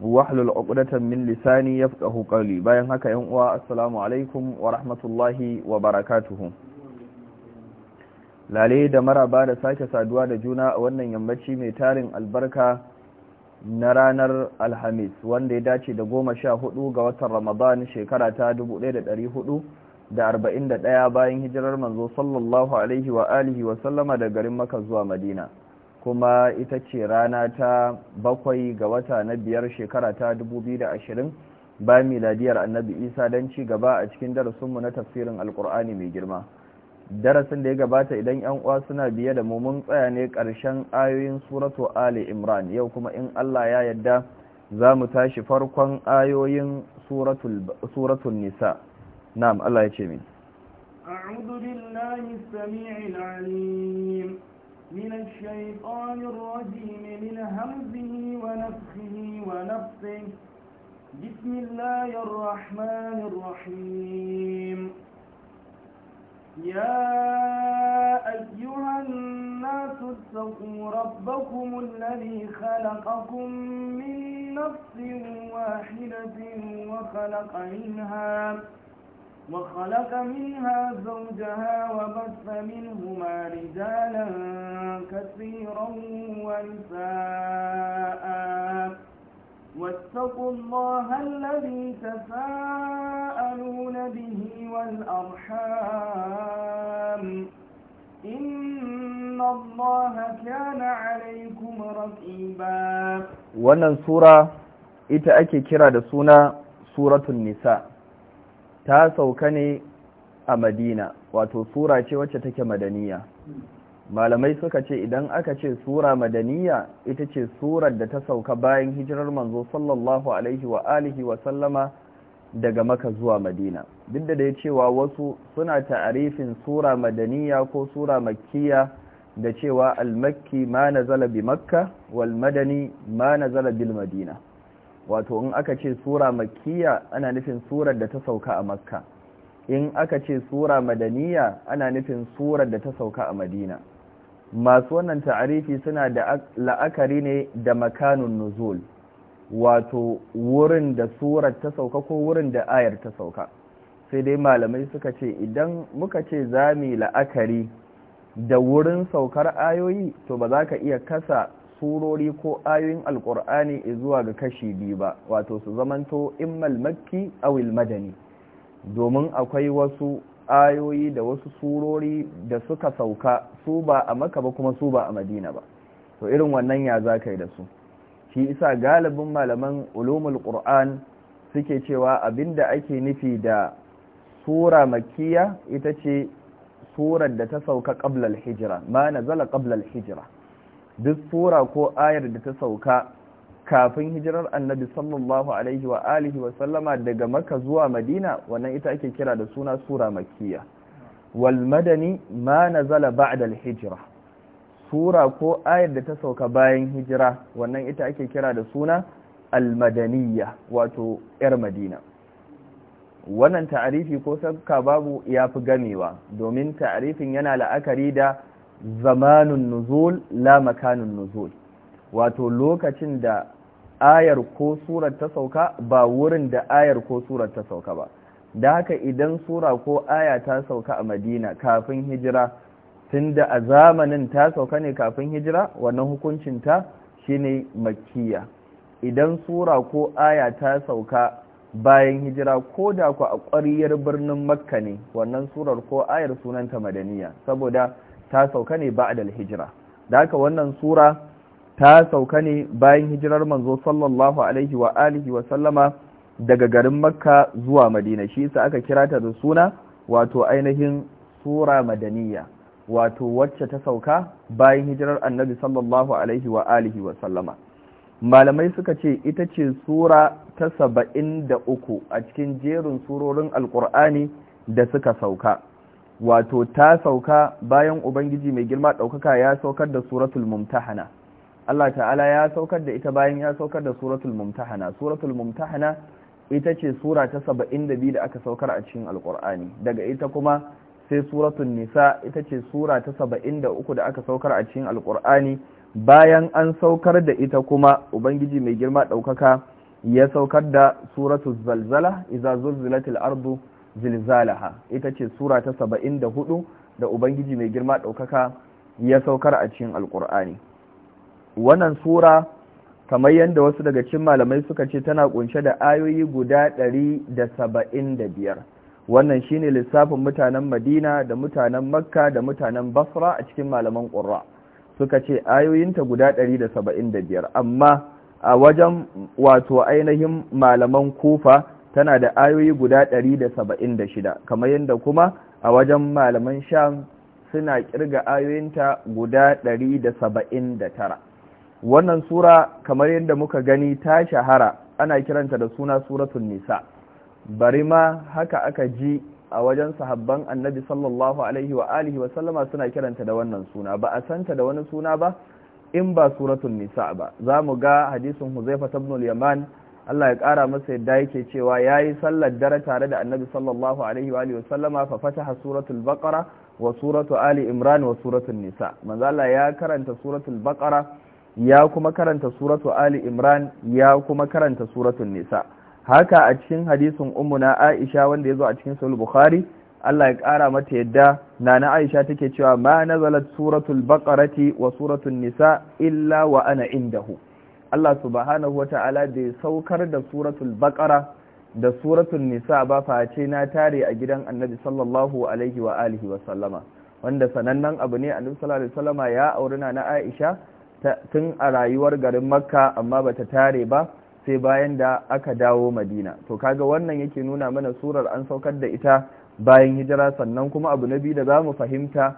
wahlul uqdatan min lisani yafqahu qawli bayan haka yan uwa assalamu alaikum wa rahmatullahi wa barakatuh lale da maraba da sake saduwa da juna a wannan yammaci mai tarin albarka na ranar alhamis wanda ya dace da goma sha hudu ga watan ramadan shekara ta 1441 bayan hijirar manzo sallallahu alaihi wa alihi wa sallama da garin maka zuwa madina kuma ita ce rana ta bakwai ga wata na biyar shekara ta 2020 ba miladiyar annabi isa don ci gaba a cikin darasinmu na tafsirin alkur'ani mai girma darasin da ya gabata idan yan uwa suna biye da mu mun tsaya ne ƙarshen ayoyin suratu ali imran yau kuma in allah ya yadda za mu tashi farkon ayoyin suratun nisa na'am allah ya ce min أعوذ بالله السميع العليم من الشيطان الرجيم من همزه ونفخه ونفخه بسم الله الرحمن الرحيم يا أيها الناس اتقوا ربكم الذي خلقكم من نفس واحدة وخلق منها وخلق منها زوجها وبث منهما رجالا كثيرا ونساء واتقوا الله الذي تساءلون به والأرحام إن الله كان عليكم رقيبا wannan sura ita ake kira da suna suratul nisa ta sauka ne a madina wato sura ce wacce take madaniya malamai suka ce idan aka ce sura madaniya ita ce surar da ta sauka bayan hijirar manzo sallallahu alaihi wa alihi wa sallama daga maka zuwa madina duk da dai cewa wasu suna ta'arifin sura madaniya ko sura makkiya da cewa al-makki ma nazala bi makka wal madani ma nazala bil madina wato in aka ce sura makkiya ana nufin surar da ta sauka a makka in aka ce sura madaniya ana nufin surar da ta sauka a madina masu wannan ta'arifi suna da la'akari ne da makanun nuzul wato wurin da surar ta sauka ko wurin da ayar ta sauka sai dai malamai suka ce idan muka ce za mu la'akari da wurin saukar ayoyi to ba za ka iya kasa surori ko ayoyin alkur'ani zuwa ga kashi biyu ba wato su zamanto immal makki awil madani domin akwai wasu ayoyi da wasu surori da suka sauka su ba a maka ba kuma su ba a madina ba to irin wannan ya za ka yi da su shi isa galibin malaman ulumul qur'an suke cewa abinda ake nufi da sura makkiya ita ce surar da ta sauka al hijra ma nazala al hijra duk sura ko ayar da ta sauka kafin hijirar annabi sallallahu alaihi wa alihi wa sallama daga maka zuwa madina wannan ita ake kira da suna sura makiya wal madani ma nazala ba'da al hijra sura ko ayar da ta sauka bayan hijira wannan ita ake kira da suna al madaniya wato yar madina wannan ta'arifi ko sabka babu ya fi gamewa domin ta'arifin yana la'akari da zamanun nuzul la makanun nuzul wato lokacin da ayar ko surar ta sauka ba wurin da ayar ko surar ta sauka ba da haka idan sura ko aya ta sauka a madina kafin hijira tun da a zamanin ta sauka ne kafin hijira wannan ta shine makiya idan sura ko aya ta sauka bayan hijira ko da ku a ƙwariyar birnin makka ne wannan surar ko ayar sunanta madaniya saboda ta sauka ne ba da hijira da haka wannan sura ta sauka ne bayan hijirar manzo sallallahu alaihi wa alihi wa sallama daga garin makka zuwa madina shi sa aka kira ta da suna wato ainihin sura madaniya wato wacce ta sauka bayan hijirar annabi sallallahu alaihi wa alihi wa sallama malamai suka ce ita ce sura ta saba'in da uku a cikin jerin surorin alkur'ani da suka sauka wato ta sauka bayan ubangiji mai girma ɗaukaka ya saukar da suratul mumtahana Allah ta'ala ya saukar da ita bayan ya saukar da suratul mumtahana suratul mumtahana ita ce sura ta saba'in da aka saukar a cikin alkur'ani daga ita kuma sai suratul nisa ita ce sura ta saba'in da aka saukar a cikin alkur'ani bayan an saukar da ita kuma ubangiji mai girma ɗaukaka ya saukar da suratul zalzala iza zulzilatil ardu zilzalaha ita ce sura ta saba'in da hudu da ubangiji mai girma ɗaukaka ya saukar a cikin alkur'ani wannan sura kamar yadda wasu daga cikin malamai suka ce tana kunshe da ayoyi guda ɗari da saba'in da biyar wannan shine lissafin mutanen madina da mutanen makka da mutanen basra a cikin malaman ƙura suka ce ayoyinta guda ɗari da saba'in da biyar amma a wajen wato ainihin malaman kufa tana da ayoyi guda ɗari 176 kamar yadda kuma a wajen malaman sham suna kirga ayoyinta guda tara wannan sura kamar yadda muka gani ta shahara ana kiranta da suna suratun nisa bari ma haka aka ji a wajen sahabban annabi sallallahu alaihi wa alihi suna kiranta da wannan suna ba a santa da wani suna ba in ba suratun nisa ba za mu ga hadisin huzaifa ibn yaman Allah ya ƙara masa yadda yake cewa ya yi sallar dare tare da annabi sallallahu alaihi wa sallama fa fataha suratul baqara wa suratu ali imran wa suratul nisa manzo Allah ya karanta suratul baqara ya kuma karanta suratu ali imran ya kuma karanta suratul nisa haka a cikin hadisin ummuna aisha wanda yazo a cikin sahih bukhari Allah ya ƙara mata yadda nana aisha take cewa ma nazalat suratul baqarati wa suratul nisa illa wa ana indahu Allah subhanahu wata'ala bai saukar da suratul baqara da suratul nisa ba face na tare a gidan annabi sallallahu alaihi wa alihi wa sallama wanda sanannen abu ne annabi sallallahu alaihi wa sallama ya auri na Aisha tun a rayuwar garin Makka amma bata tare ba sai bayan da aka dawo Madina to kaga wannan yake nuna mana surar an saukar da ita bayan hijira sannan kuma abu Nabi biyu da zamu fahimta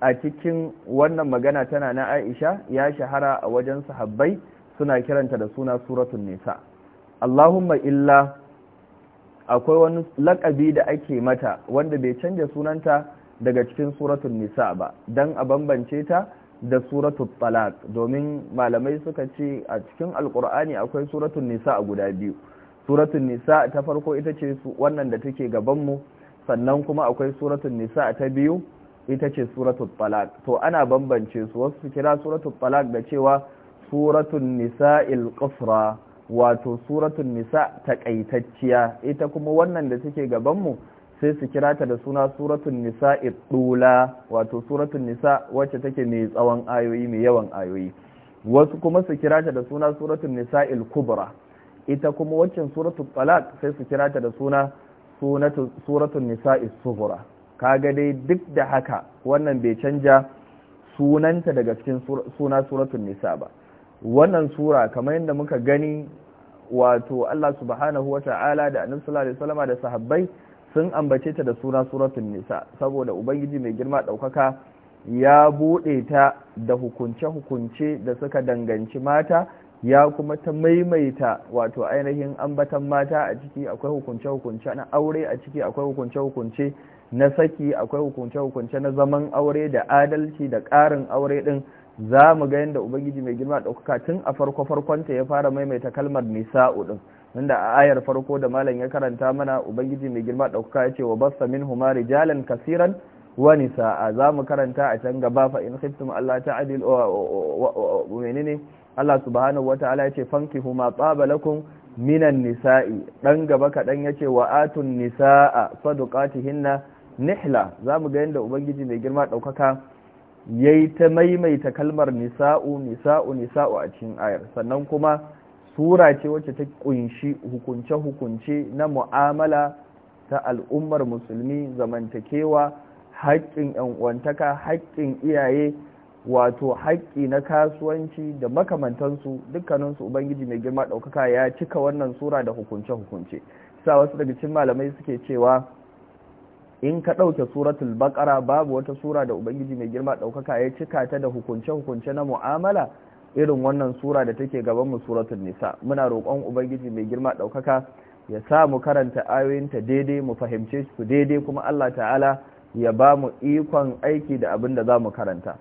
a cikin wannan magana tana na Aisha ya shahara a wajen sahabbai suna kiranta da suna suratun nisa allahumma illa akwai wani lakabi da ake mata wanda bai canja sunanta daga cikin suratun nisa ba don a bambance ta da suratun talat domin malamai suka ce a cikin alkur'ani akwai suratun nisa a guda biyu suratun nisa ta farko ita ce wannan da take gabanmu sannan kuma akwai suratun nisa ta biyu ita ce suratun talat to ana bambance su wasu kira suratun talat da cewa suratun nisa'il qasra wato suratun nisa takaitacciya ita kuma wannan da take gabanmu sai su kira ta da suna suratun nisa idula wato suratun nisa wacce take mai tsawon ayoyi mai yawan ayoyi wasu kuma su kira ta da suna suratun nisa kubra ita kuma waccan suratun talaq sai su kira ta da suna suratun nisa sughra kaga dai duk da haka wannan bai canja sunanta daga cikin suna suratun nisa ba wannan sura kamar yadda muka gani wato Allah subhanahu wa ta'ala da annabi sallallahu alaihi wasallam da sahabbai sun ambace ta da suna suratul nisa saboda ubangiji mai girma daukaka ya bude ta da hukunce hukunce da suka danganci mata ya kuma ta maimaita wato ainihin ambatan mata a ciki akwai hukunce hukunce na aure a ciki akwai hukunce hukunce na saki akwai hukunce hukunce na zaman aure da adalci da ƙarin aure din za mu ga yadda ubangiji mai girma ɗaukaka tun a farko farkonta ya fara maimaita kalmar nisa din inda a ayar farko da malam ya karanta mana ubangiji mai girma ɗaukaka ya ce wa basta min huma rijalan kasiran wa a za mu karanta a can gaba fa in khiftum Allah adil wa menene Allah subhanahu ta'ala ya ce fanki huma tsaba lakum minan nisa'i dan gaba kaɗan ya ce wa atun nisa'a sadaqatihinna nihla za mu ga yadda ubangiji mai girma ɗaukaka yayi ta maimaita kalmar nisa'u nisa'u nisa'u a cikin ayar sannan kuma sura ce wacce ta kunshi hukunce-hukunce na mu'amala ta al'ummar musulmi zamantakewa haƙƙin uwantaka haƙƙin iyaye wato haƙƙi na kasuwanci da makamantansu dukkaninsu ubangiji mai girma ɗaukaka ya cika wannan sura da hukunce-hukunce sa wasu daga cin malamai suke cewa in ka ɗauke suratul bakara babu wata sura da ubangiji mai girma ɗaukaka ya cika ta da hukunce-hukunce na mu'amala irin wannan sura da take gaban mu suratul nisa muna roƙon ubangiji mai girma ɗaukaka ya sa mu karanta ayoyinta daidai mu fahimce su daidai kuma Allah ta'ala ya ba mu ikon aiki da abin da za mu karanta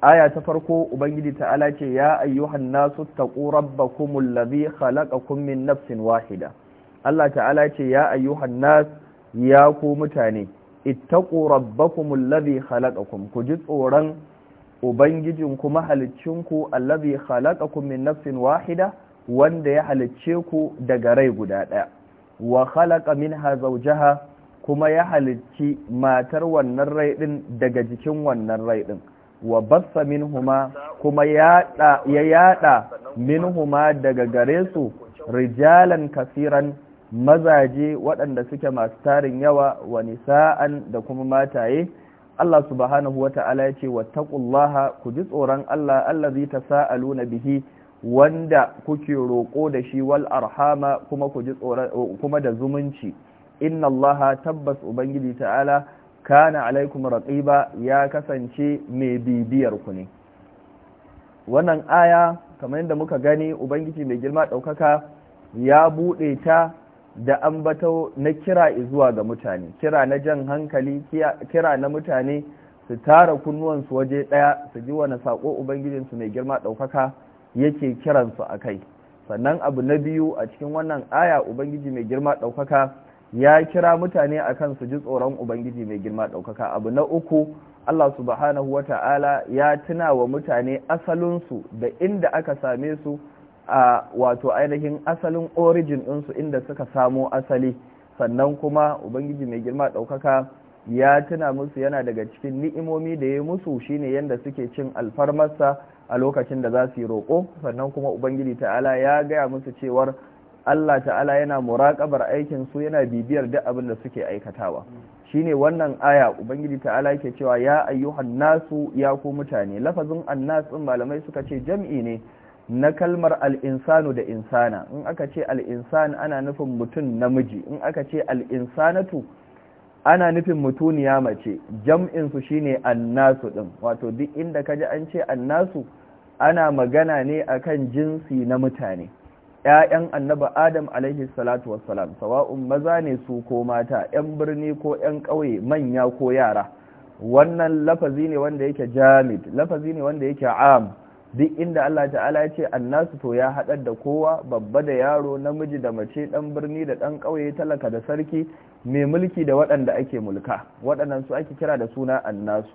aya ta farko ubangiji ta'ala ce ya ayyuhan nasu taqu rabbakumul ladhi khalaqakum min nafsin wahida Allah ta'ala ce ya ayyuhan nas ya ku mutane ittaqu rabbakum allazi khalaqakum ku ji tsoron ubangijin ku mahalicinku allazi khalaqakum min nafsin wahida wanda ya halicce ku daga rai guda daya wa khalaqa minha zawjaha kuma ya halicci matar wannan rai din daga jikin wannan rai din wa bassa minhuma kuma ya yada minhuma daga gare su rijalan kasiran mazaje waɗanda suke masu tarin yawa wa nisa'an da kuma mataye Allah subhanahu wata'ala ya ce wattaqullaha ku ji tsoron Allah allazi tasaaluna bihi wanda kuke roƙo da shi wal arhama kuma ku ji kuma da zumunci innallaha tabbas ubangiji ta'ala kana alaikum raqiba ya kasance mai bibiyar ku ne wannan aya kamar yadda muka gani ubangiji mai girma ɗaukaka ya buɗe ta da ambato na kira zuwa ga mutane kira na jan hankali kira na mutane su tara kunnuwansu waje ɗaya su ji wani saƙo ubangijinsu mai girma ɗaukaka yake kiransu a kai sannan abu na biyu a cikin wannan aya ubangiji mai girma ɗaukaka ya kira mutane a kan su ji tsoron ubangiji mai girma ɗaukaka abu na uku allah subhanahu wata'ala ya tuna wa mutane asalinsu da inda aka same su a wato ainihin asalin origin ɗinsu inda suka samo asali sannan kuma ubangiji mai girma ɗaukaka ya tuna musu yana daga cikin ni'imomi da ya musu shine yadda suke cin alfarmarsa a lokacin da za su yi roƙo sannan kuma ubangiji ta'ala ya gaya musu cewar Allah ta'ala yana muraƙabar aikin su yana bibiyar duk abin da suke aikatawa shine wannan aya ubangiji ta'ala yake cewa ya ayyuhan nasu ya ku mutane lafazin annas din malamai suka ce jam'i ne na kalmar al'insanu da insana in aka ce al'insan ana nufin mutum namiji in aka ce al'insanatu ana nufin mutuniya mace jam'insu shi shine annasu ɗin wato duk inda kaji an ce annasu ana magana ne a kan jinsi na mutane ‘ya'yan annaba adam alaihi wassalam sawa'un maza ne su ko mata ‘yan birni ko ‘yan ƙauye manya ko yara wannan lafazi ne wanda yake jamid lafazi ne wanda yake am duk inda Allah ta'ala ya ce annasu to ya haɗar da kowa babba da yaro namiji da mace ɗan birni da ɗan ƙauye talaka da sarki mai mulki da waɗanda ake mulka waɗannan su ake kira da suna annasu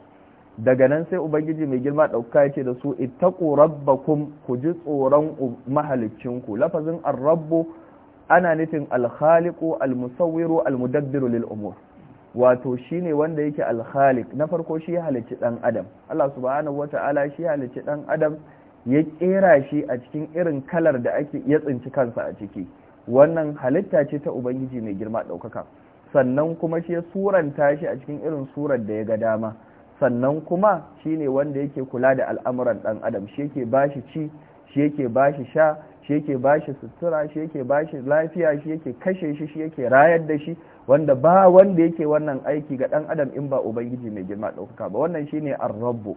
daga nan sai ubangiji mai girma ɗauka ya ce da su ittaqu rabbakum ku ji tsoron mahalicinku lafazin arrabbu ana nufin alkhaliqu Almusawiru, almudabbiru lil umur wato shi ne wanda yake alkhalik na farko shi halicci ɗan adam Allah subhanahu wataala shi halicci ɗan adam ya kera shi a cikin irin kalar da ake ya tsinci kansa a ciki wannan halitta ce ta ubangiji mai girma ɗaukaka. sannan kuma shi ya suranta shi a cikin irin surar da ya ga dama sannan kuma shi ne wanda yake kula da al'amuran dan adam shi yake bashi ci shi yake bashi sha shi yake bashi sutura shi yake bashi lafiya shi yake kashe shi shi yake rayar da shi wanda ba wanda yake wannan aiki ga dan adam in ba ubangiji mai girma ɗaukaka ba wannan shine ar rabb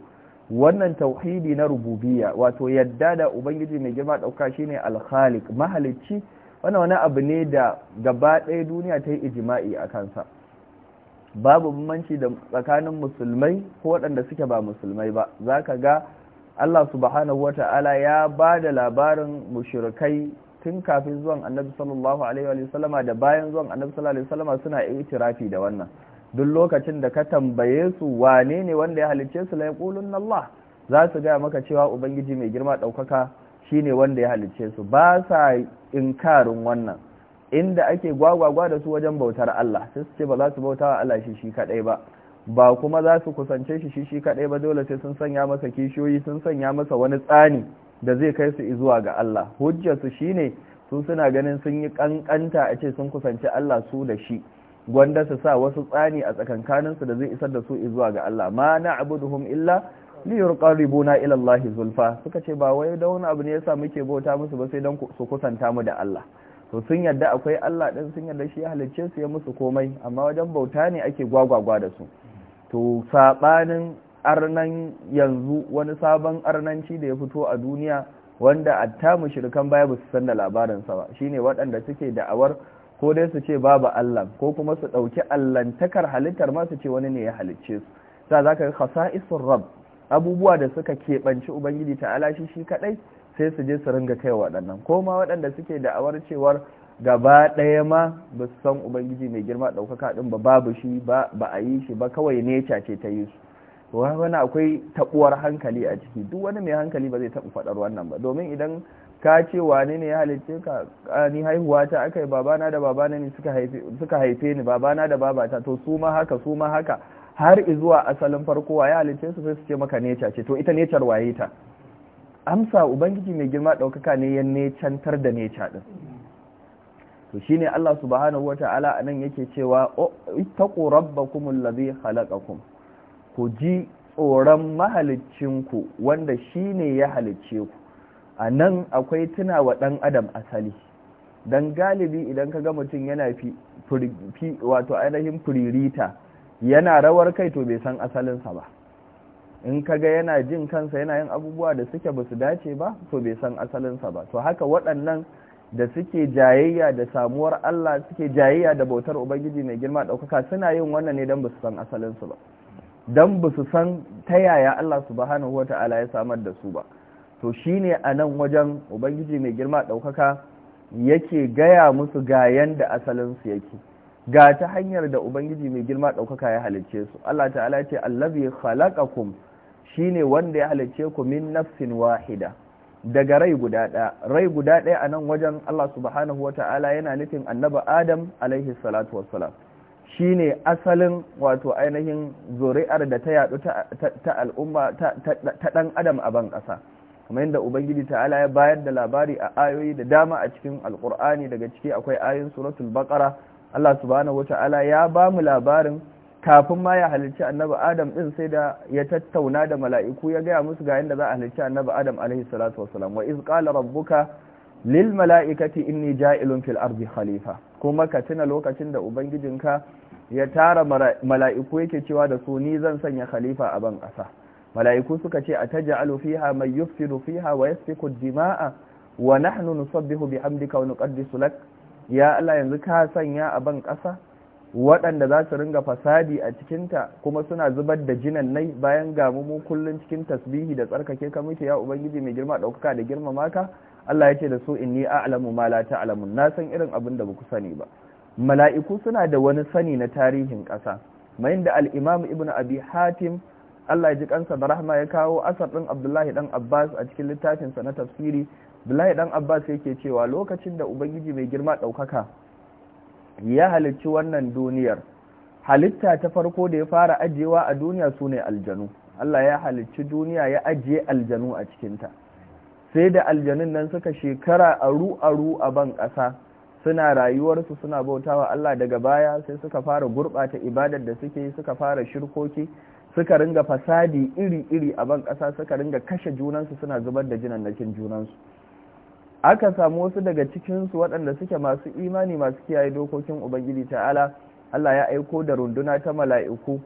wannan tauhidi na rububiyya wato yadda da ubangiji mai girma ɗaukaka shine al-khaliq mahalicci wannan wani abu ne da gaba ɗaya duniya ta yi ijima'i a kansa babu bambanci da tsakanin musulmai ko waɗanda suke ba musulmai ba za ka ga Allah subhanahu ta'ala ya ba da labarin mushrikai tun kafin zuwan annabi sallallahu alaihi wa sallama da bayan zuwan annabi sallallahu alaihi wa sallama suna itirafi da wannan duk lokacin da ka tambaye su wane ne wanda ya halicce su lai yaqulun Allah za su ga maka cewa ubangiji mai girma daukaka shine wanda ya halicce su ba sa inkarin wannan inda ake gwagwagwa da su wajen bautar Allah sai su ce ba za su bauta wa Allah shi shi kadai ba ba kuma za su kusance shi shi shi kaɗai ba dole sai sun sanya masa kishiyoyi sun sanya masa wani tsani da zai kai su zuwa ga Allah hujjarsu shine su suna ganin sun yi ƙanƙanta a ce sun kusanci Allah su da shi gwanda su sa wasu tsani a tsakankaninsu da zai isar da su zuwa ga Allah ma na abuduhum illa liyurqarribuna ila Allah zulfa suka ce ba wai da wani abu ne yasa muke bauta musu ba sai dan su kusanta mu da Allah to sun yadda akwai Allah din sun yadda shi ya halicce su ya musu komai amma wajen bauta ne ake gwagwagwa da su to saɓanin arnan yanzu wani sabon arnanci da ya fito a duniya wanda ta mushrikan baya ba su san da labarinsa ba shine waɗanda suke da'awar ko dai su ce babu Allah ko kuma su ɗauki allantakar halittar ma su ce wani ne ya halicce su sa za ka ga khasa'isun rab abubuwa da suka keɓanci ubangiji ta'ala shi shi kaɗai sai su je su ringa kai waɗannan ko ma waɗanda suke da'awar cewar gaba ɗaya ma ba su san ubangiji mai girma ɗaukaka ɗin ba babu shi ba a yi shi ba kawai neca ce ta yi su wani akwai taɓuwar hankali a ciki duk wani mai hankali ba zai taɓa faɗar wannan ba domin idan ka ce wane ne ya halitta ka ni haihuwa ta aka yi babana da babana ne suka haife ni babana da babata to su ma haka su ma haka har zuwa asalin farko wa ya halitta su sai su ce maka neca ce to ita necar waye ta amsa ubangiji mai girma ɗaukaka ne ya necantar da neca ɗin to shine Allah subhanahu wata'ala anan yake cewa ittaqu rabbakum allazi khalaqakum ku ji tsoron mahalicinku wanda shi ne ya halicce ku a nan akwai tuna wa ɗan adam asali dan galibi idan kaga mutum yana fi wato ainihin firirita yana rawar kai to bai san asalinsa ba in ka ga yana jin kansa yana yin abubuwa da suke ba su dace ba to bai san asalinsa ba to haka waɗannan da suke jayayya da samuwar Allah suke jayayya da bautar ubangiji mai girma ɗaukaka suna yin wannan ne don ba su san asalinsu ba don ba su san ta yaya Allah subhanahu wa ta'ala ya samar da su ba to shine a nan wajen ubangiji mai girma ɗaukaka yake gaya musu ga yanda asalinsu yake ga ta hanyar da ubangiji mai girma ɗaukaka ya halicce su Allah ta'ala ce allazi khalaqakum shine wanda ya halicce ku min nafsin wahida daga rai guda ɗaya rai guda ɗaya a nan wajen Allah subhanahu wa ta'ala yana nufin annaba Adam alaihi salatu wassalam shi ne asalin wato ainihin zuri'ar da ta yaɗu ta al'umma ta ɗan adam a ban ƙasa kamar yadda ubangiji ta'ala ya bayar da labari a ayoyi da dama a cikin alƙur'ani daga ciki akwai ayoyin suratul baƙara Allah subhanahu wa ta'ala ya ba mu labarin kafin ma ya halicci annabi adam din sai da ya tattauna da mala'iku ya gaya musu ga yadda za a halicci annabi adam alaihi salatu wasalam wa iz qala rabbuka lil mala'ikati inni ja'ilun fil ardi khalifa kuma ka tuna lokacin da ubangijinka ya tara mala'iku yake cewa da su ni zan sanya khalifa a ban ƙasa mala'iku suka ce a ataj'alu fiha mai yufsidu fiha wa yasfiku dima'a wa nahnu nusabbihu bihamdika wa nuqaddisu lak ya Allah yanzu ka sanya a ban ƙasa waɗanda za su ringa fasadi a cikinta kuma suna zubar da jinan nai bayan gamu mu kullum cikin tasbihi da tsarkake ka muke ya ubangiji mai girma ɗaukaka da girmama ka Allah ya ce da su inni a'lamu ma la alamu. na san irin abin da baku sani ba mala'iku suna da wani sani na tarihin ƙasa mai da al-imam ibnu abi hatim Allah ya ji kansa da rahma ya kawo asar din Abdullahi dan Abbas a cikin littafin sa na tafsiri Abdullahi dan Abbas yake cewa lokacin da ubangiji mai girma ɗaukaka ya halicci wannan duniyar halitta ta farko da ya fara ajiyewa a duniya su ne aljanu Allah ya halicci duniya ya ajiye aljanu a cikinta sai da aljanun nan suka shekara aru-aru a ban ƙasa suna rayuwarsu suna bautawa Allah daga baya sai suka fara gurɓata ibadar da suke suka fara shirkoki suka ringa fasadi iri-iri a ban ƙasa suka ringa kashe junansu suna zubar da jinan nakin junansu aka samu wasu daga cikinsu waɗanda suke masu imani masu kiyaye dokokin ubangiji ta'ala Allah ya aiko da runduna ta mala'iku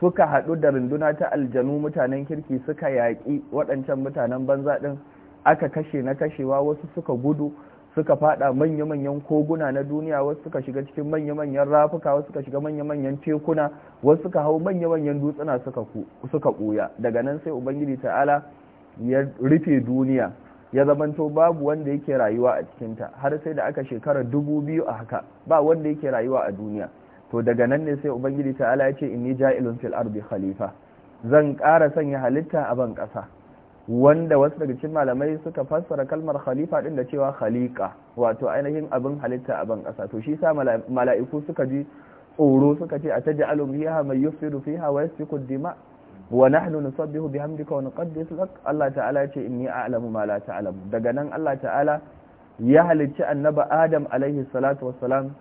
suka haɗu da runduna ta aljanu mutanen kirki suka yaƙi waɗancan mutanen banza ɗin aka kashe na kashewa wasu suka gudu suka fada manya-manyan koguna na duniya wasu suka shiga cikin manya-manyan rafuka wasu suka shiga manya-manyan tekuna wasu suka hau manya-manyan dutsuna suka ɓuya daga nan sai ubangiji ta'ala ya rufe duniya ya zamanto babu wanda yake rayuwa a cikinta har sai da aka shekara dubu biyu a haka ba wanda yake rayuwa a duniya to daga nan ne sai ubangiji ta'ala ya ce inni ja'ilun fil ardi khalifa zan ƙara sanya halitta a ban ƙasa wanda wasu daga cikin malamai suka fassara kalmar khalifa din da cewa khaliqa wato ainihin abin halitta a ban ƙasa to shi sa mala'iku suka ji tsoro suka ce a taj'alu fiha may yufsidu fiha wa yasfiku dima wa nahnu nusabbihu bihamdika wa nuqaddisu lak Allah ta'ala ce inni a'lamu ma la ta'lamu daga nan Allah ta'ala ya halicci annabi Adam alaihi salatu Salam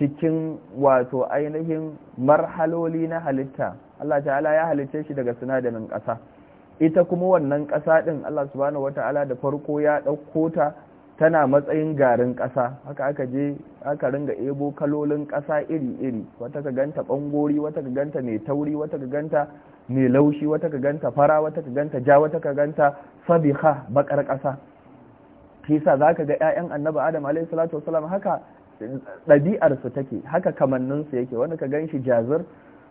cikin wato ainihin marhaloli na halitta Allah ta'ala ya halicce shi daga sinadarin ƙasa ita kuma wannan ƙasa din Allah subhanahu wata'ala da farko ya ɗauko ta tana matsayin garin ƙasa haka aka je aka ringa ebo kalolin ƙasa iri-iri wata ka ganta ɓangori wata ka ganta mai tauri wata ka ganta mai laushi wata ka ganta fara wata ka ganta ja wata ka ganta sabiha bakar ƙasa kisa za ka ga 'ya'yan annaba adam alaihissalatu wasalam haka ɗabi'arsu take haka kamanninsu yake wani ka gan shi jazir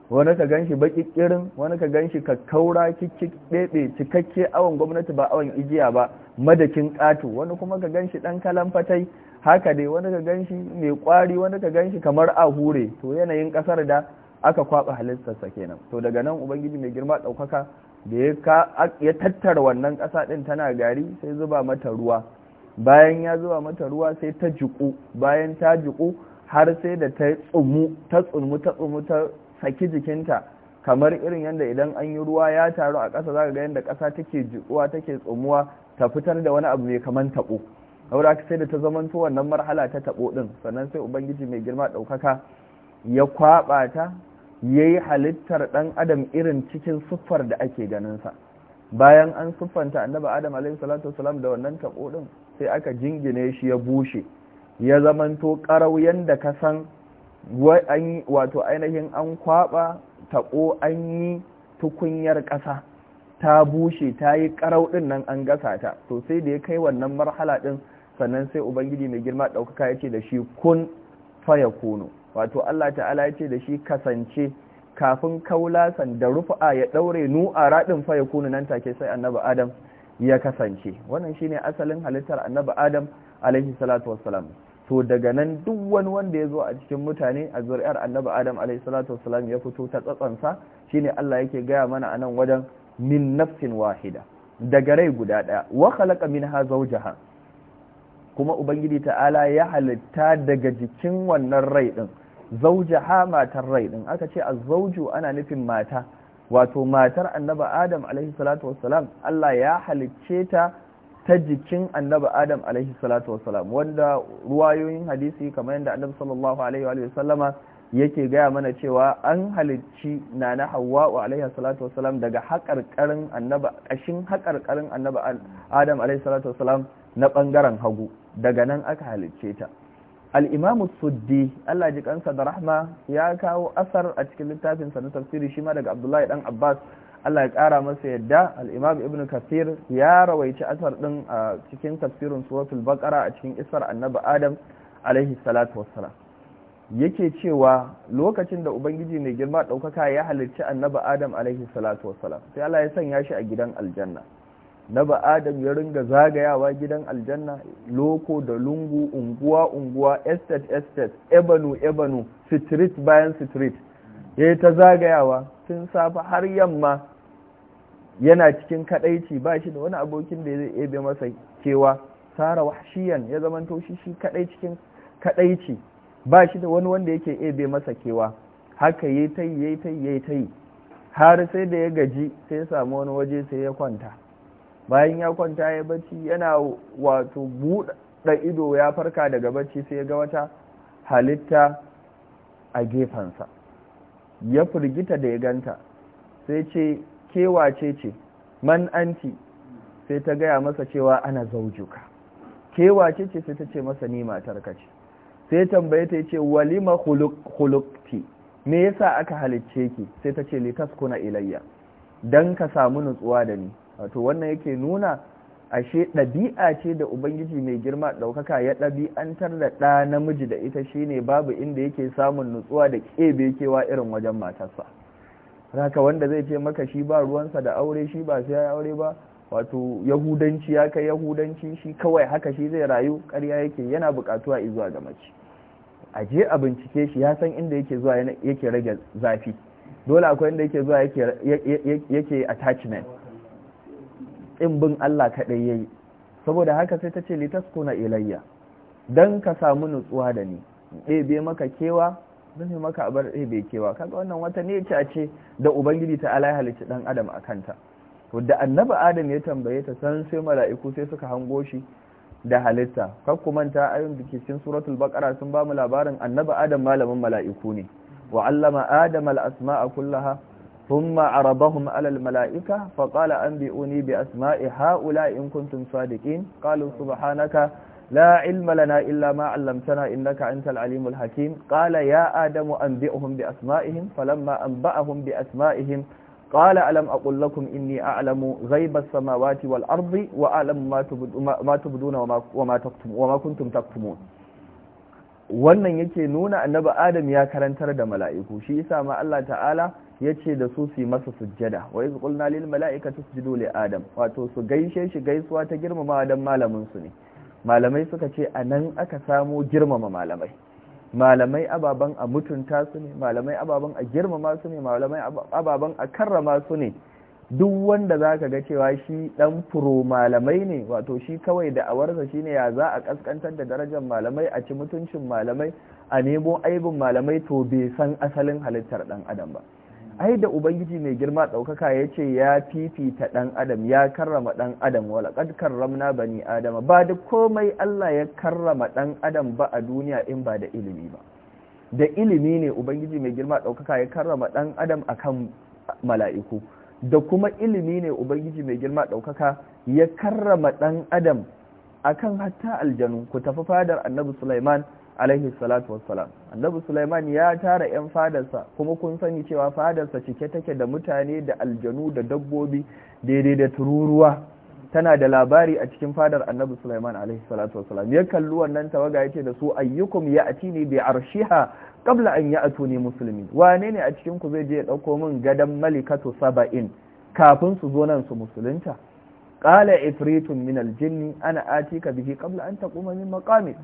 wani ka ganshi baki kirin wani ka ganshi ka kaura kikik ɗebe cikakke awon gwamnati ba awon igiya ba madakin ƙato wani kuma ka ganshi ɗan kalan fatai haka dai wani ka ganshi mai ƙwari wani ka ganshi kamar a hure to yanayin ƙasar da aka kwaɓa halittarsa kenan to daga nan ubangiji mai girma ɗaukaka da ya tattara wannan ƙasa ɗin tana gari sai zuba mata ruwa bayan ya zuba mata ruwa sai ta jiku bayan ta jiku har sai da ta tsumu ta tsumu ta tsumu ta saki jikinta kamar irin yadda idan an yi ruwa ya taru a ƙasa za ka ga yadda ƙasa take jiƙuwa take tsumuwa ta fitar da wani abu mai kamar taɓo saboda sai da ta zamanto wannan marhala ta taɓo ɗin sannan sai ubangiji mai girma ɗaukaka ya kwaɓa ta ya yi halittar ɗan adam irin cikin siffar da ake ganin sa, bayan an siffanta annaba adam alaihi da wannan taɓo ɗin sai aka jingine shi ya bushe ya zamanto ƙarau yadda ka san wato ainihin an kwaba taɓo an yi tukunyar ƙasa ta bushe ta yi ƙarau ɗin nan an gasa ta to sai da ya kai wannan marhala ɗin sannan sai ubangiji mai girma ɗaukaka ya ce da shi kun faya kono wato allah ta'ala ya ce da shi kasance kafin kaulasan da rufa ya ɗaure nu a raɗin faya kono nan take sai annabi adam ya kasance wannan shine asalin halittar annabi adam alaihi salatu wassalam to daga nan duk wani wanda ya zo a cikin mutane a zuri'ar annabi adam alaihissalatu ya fito ta tsatsansa shine Allah yake gaya mana a nan wajen min nafsin wahida daga rai guda ɗaya wa khalaqa minha zawjaha kuma ubangiji ta'ala ya halitta daga jikin wannan rai ɗin. Zaujaha matar rai ɗin. aka ce a zauju ana nufin mata wato matar annabi adam alaihissalatu Allah ya halicce ta ta jikin annabi adam alaihi salatu wasalam wanda ruwayoyin hadisi kamar yadda annabi sallallahu alaihi wa sallama yake gaya mana cewa an halicci nana wa alaihi salatu wasalam daga haƙarƙarin annabi ƙashin haƙarƙarin annabi adam alaihi salatu wasalam na ɓangaren hagu daga nan aka halicce ta al'imamu suddi Allah ji kansa da rahma ya kawo asar a cikin littafinsa na tafsiri shi ma daga abdullahi dan abbas Allah ya ƙara masa yadda al'imam ibn kafir ya rawaici asar ɗin a cikin tafsirin suratul baqara a cikin isar annaba adam alaihi salatu wassalam yake cewa lokacin da ubangiji mai girma ɗaukaka ya halicci annaba adam alaihi salatu wassalam sai Allah ya sanya shi a gidan aljanna naba adam ya ringa zagayawa gidan aljanna loko da lungu unguwa unguwa estate estate ebanu ebanu street bayan street ya ta zagayawa tun safe har yamma yana cikin kadaici ba shi da wani abokin da zai ebe masa kewa sara wahshiyan ya zama shi shi kadai cikin kadaici ba shi da wani wanda yake ebe masa kewa haka ya yi ta, ya yi yayi ya ta yi har sai da ya gaji sai ya samu wani waje sai ya kwanta bayan ya kwanta ya bacci yana wato buɗe ido ya farka daga bacci sai ya ga wata halitta a gefensa ya firgita da ya ganta sai ce kewace ce man anti sai ta gaya masa cewa ana zaujuka kewace ce sai ta ce masa ni matarka ce sai tambaye ta ce walima hulukti me yasa aka halicce ki sai ta ce na ilayya dan ka samu nutsuwa da ni wato wannan yake nuna ashe ɗabi'a ce da ubangiji mai girma ɗaukaka ya ɗabi'antar da ɗa namiji da ita shine babu inda yake samun nutsuwa da ƙebe kewa irin wajen matarsa raka wanda zai ce maka shi ba ruwansa da aure shi ba sai ya aure ba wato yahudanci ya kai yahudanci shi kawai haka shi zai rayu ƙarya yake yana buƙatuwa zuwa ga mace a je a bincike shi ya san inda yake zuwa yake rage zafi dole akwai inda yake zuwa yake attachment ɗin bin Allah kaɗai ya yi saboda haka sai ta ce na ilayya don ka samu nutsuwa da ni ɗebe maka kewa zai maka abar ɗebe kewa kaga wannan wata ne ce a ce da ubangiji ta ala halicci ɗan adam a kanta wadda annaba adam ya tambaye ta san sai mala'iku sai suka hango shi da halitta kakku manta ayon da ke suratul baqara sun ba mu labarin annaba adam malamin mala'iku ne wa allama adam al asma'a kullaha ثم عرضهم على الملائكة فقال أنبئوني بأسماء هؤلاء إن كنتم صادقين قالوا سبحانك لا علم لنا إلا ما علمتنا إنك أنت العليم الحكيم قال يا آدم أنبئهم بأسمائهم فلما أنبأهم بأسمائهم قال ألم أقل لكم إني أعلم غيب السماوات والأرض وأعلم ما تبدون وما, وما, تكتم وما كنتم تكتمون wannan yake nuna annabi Adam ya karantar da mala'iku shi yasa ma Allah ta'ala yace da su su masa sujjada wa iz qulna lil mala'ikati isjudu li adam wato su gaishe shi gaisuwa ta girmama dan malamin ne malamai suka ce anan aka samo girmama malamai malamai ababan a mutunta su ne malamai ababan a girmama su ne malamai ababan a karrama su ne duk wanda zaka ga cewa shi dan furo malamai ne wato shi kawai da a awarsa shine ya za a kaskantar da darajar malamai a ci mutuncin malamai a nemo aibin malamai to bai san asalin halittar dan adam ba ai da ubangiji mai girma ɗaukaka ya ce ya fifita ɗan adam ya karrama ɗan adam wala. walaƙad karramna bani adam ba da komai Allah ya karrama ɗan adam ba a duniya in ba da ilimi ba da ilimi ne ubangiji mai girma ɗaukaka ya karrama ɗan adam akan mala'iku da kuma ilimi ne ubangiji mai girma ɗaukaka ya karrama ɗan adam akan hatta aljanu ku tafi fadar annabi Sulaiman alaihi salatu wassalam annabi Sulaiman ya tara yan fadarsa kuma kun sani cewa fadarsa cike take da mutane da aljanu da dabbobi daidai da tururuwa tana da labari a cikin fadar annabi Sulaiman alaihi salatu wassalam ya kalli wannan tawaga yace da su ayyukum ya ne bi arshiha qabla an ya'tuni muslimin wane ne a cikin ku zai je ya dauko min gadan malikatu saba'in kafin su zo nan su musulunta qala ifritun min aljinni ana atika bihi qabla an taquma min maqami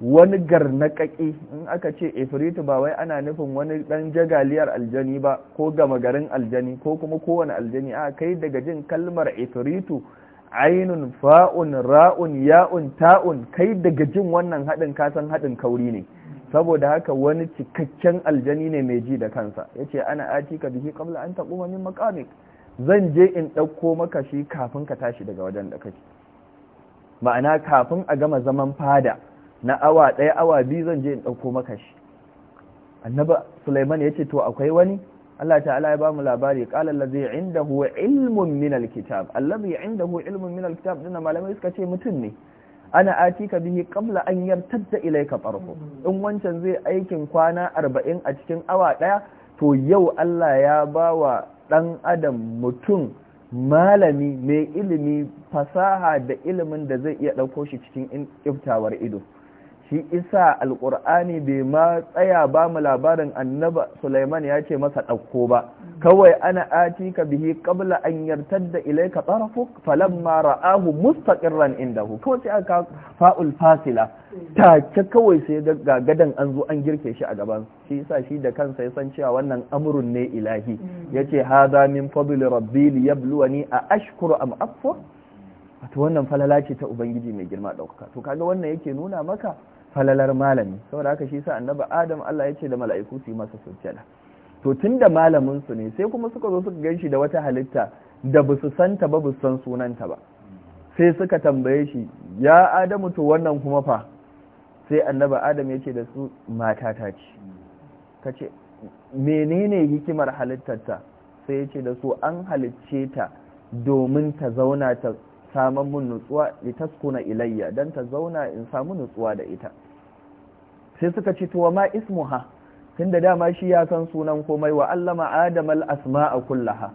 wani garnakaki in aka ce ifritu ba wai ana nufin wani dan jagaliyar aljani ba ko gama garin aljani ko kuma kowane aljani a kai daga jin kalmar ifritu ainun fa'un ra'un ya'un ta'un kai daga jin wannan haɗin kasan haɗin kauri ne saboda haka wani cikakken aljani ne mai ji da kansa ya ce ana ati ka bihi kabla an taɓo wani makamik zan je in ɗauko maka shi kafin ka tashi daga wajen da kake ma'ana kafin a gama zaman fada na awa ɗaya awa biyu zan je in ɗauko maka shi annaba sulaiman ya ce to akwai wani Allah ta'ala ya ba mu labari qala allazi indahu ilmun min alkitab allazi indahu ilmun min alkitab dinna malamai suka ce mutum ne ana atika bihi qabla an yartadda ilayka tarfu in wancan zai aikin kwana 40 a cikin awa ɗaya? to yau Allah ya bawa dan adam mutum malami mai ilimi fasaha da ilimin da zai iya dauko shi cikin iftawar ido shi isa alkur'ani bai ma tsaya ba mu labarin annaba Sulaiman ya ce masa ɗauko ba kawai ana ati ka bihi kabla an yartadda ilayka mara ahu ra'ahu mustaqirran indahu ko sai aka fa'ul fasila take kawai sai ga gadan an zo an girke shi a gaban shi isa shi da kansa ya san cewa wannan amurin ne ilahi hmm. yace hadha min fadli rabbi liyabluwani a ashkuru am akfur wato wannan falala ce ta ubangiji mai girma ɗaukaka to kaga wannan yake nuna maka falalar malami saboda haka shi sa annaba adam Allah ya ce da mala'iku su yi masa sujjada to tunda malamin su ne sai kuma suka zo suka ganshi da wata halitta da ba su santa ba ba su san sunanta ba sai suka tambaye shi ya adamu to wannan kuma fa sai annaba adam ya ce da su mata ta ce ka ce menene hikimar halittarta sai ya ce da su an halicce ta domin ta zauna ta saman mun nutsuwa litaskuna ilayya don ta zauna in samu nutsuwa da ita sai suka ce to ma ismuha tunda dama shi ya san sunan komai wa allama adam al asma'a kullaha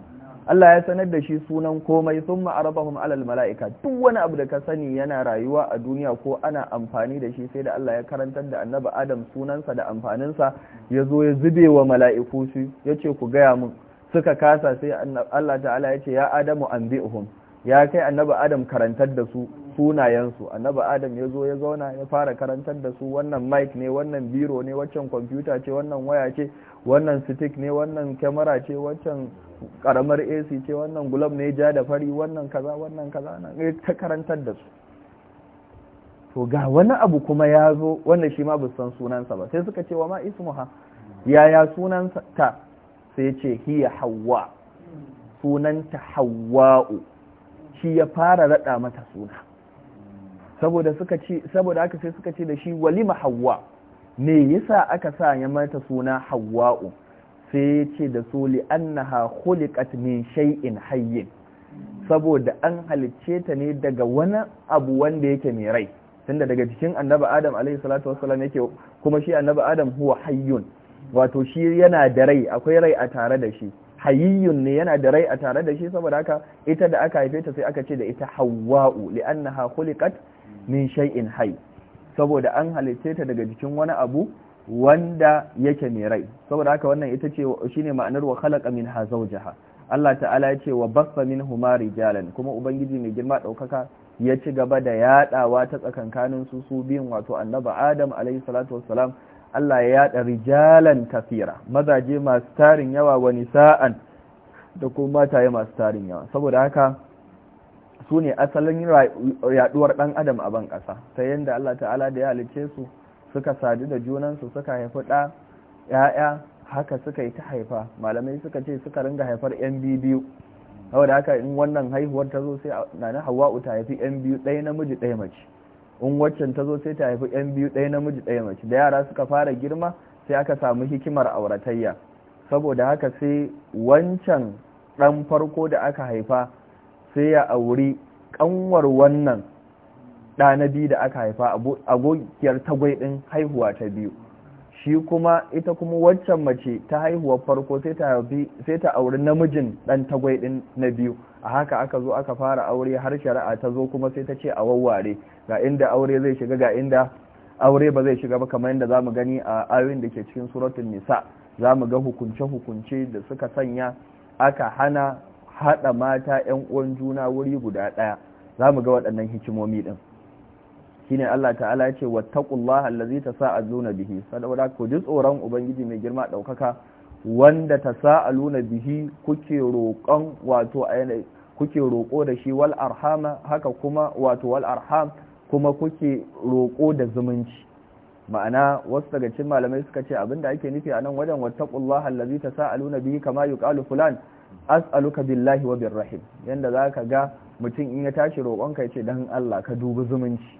Allah ya sanar da shi sunan komai sun ma'arabahun alal mala'ika duk wani abu da ka sani yana rayuwa a duniya ko ana amfani da shi sai da Allah ya karantar da annabi adam sunansa da amfaninsa ya zo ya zube wa mala'iku su ya ce ku gaya mun suka kasa sai Allah ta'ala ya ce ya adamu bi’uhun ya kai annabi adam karantar da su sunayensu annabi adam ya zo ya zauna ya fara karantar da su wannan mic ne wannan biro ne waccan kwamfuta ce wannan waya ce wannan stick ne wannan kyamara ce waccan karamar ac ce wannan gulab ne ja da fari wannan kaza wannan kaza nan ta karantar da su to ga wani abu kuma ya zo wannan shi ma bu san sunansa ba sai suka ce wa ma ismuha yaya sunanta sai ce hiya hawa sunanta hawa'u shi ya fara raɗa mata suna saboda suka ce saboda aka sai suka ce da shi walima hawwa me yasa aka sa ya mata suna hawwa'u sai ya ce da su li annaha khuliqat min shay'in hayyin saboda an halicce ta ne daga wani abu wanda yake mai rai tunda daga jikin annabi adam alaihi salatu wassalam yake kuma shi annabi adam huwa hayyun wato shi yana da rai akwai rai a tare da shi hayyun ne yana da rai a tare da shi saboda haka ita da aka haife ta sai aka ce da ita hawwa'u li'annaha khuliqat min shay'in hayy saboda an halice ta daga jikin wani abu wanda yake mai rai saboda haka wannan ita ce shine ma'anar wa khalaqa minha zawjaha Allah ta'ala ya ce wa min huma rijalan kuma ubangiji mai girma daukaka ya ci gaba da yadawa ta tsakankanin su su biyun wato annabi Adam alayhi salatu wassalam Allah ya yaɗa rijalan kafira mazaje masu tarin yawa wa nisa'an da kuma mataye masu tarin yawa saboda haka su ne asalin yaduwar ɗan adam a ban kasa ta yanda Allah ta'ala da ya halice su suka sadu da junansu suka haifi ɗa ya'ya haka suka yi ta haifa malamai suka ce suka ringa haifar yan biyu saboda haka in wannan haihuwar ta zo sai na na hawa'u ta haifi yan biyu ɗaya namiji ɗaya mace in waccan ta zo sai ta haifi yan biyu ɗaya namiji ɗaya mace da yara suka fara girma sai aka samu hikimar auratayya saboda haka sai wancan ɗan farko da aka haifa sai ya auri ƙanwar wannan ɗa na biyu da aka haifa gogiyar tagwai ɗin haihuwa ta biyu shi kuma ita kuma waccan mace ta haihuwar farko sai ta auri namijin ɗan tagwai ɗin na biyu a haka aka zo aka fara aure har shari'a ta zo kuma sai ta ce a wawware ga inda aure zai shiga ga inda aure ba zai shiga ba kamar yadda za mu gani a ayoyin da ke cikin suratun nisa za mu ga hukunce hukunce da suka sanya aka hana haɗa mata yan uwan juna wuri guda ɗaya za mu ga waɗannan hikimomi ɗin shi ne Allah ta'ala ya ce wa ta allazi zuna bihi saboda ku ji tsoron ubangiji mai girma ɗaukaka wanda tasaaluna bihi kuke bihi wato kuke roƙo da shi wal haka kuma wato wal kuma kuke roƙo da zumunci ma'ana wasu daga cikin malamai suka ce abinda ake nufi a nan wajen wattaqullaha allazi tasaaluna bihi kama yuqalu fulan as'aluka billahi wa birrahim yanda zaka ga mutum in ya tashi roƙon ka yace dan Allah ka dubi zumunci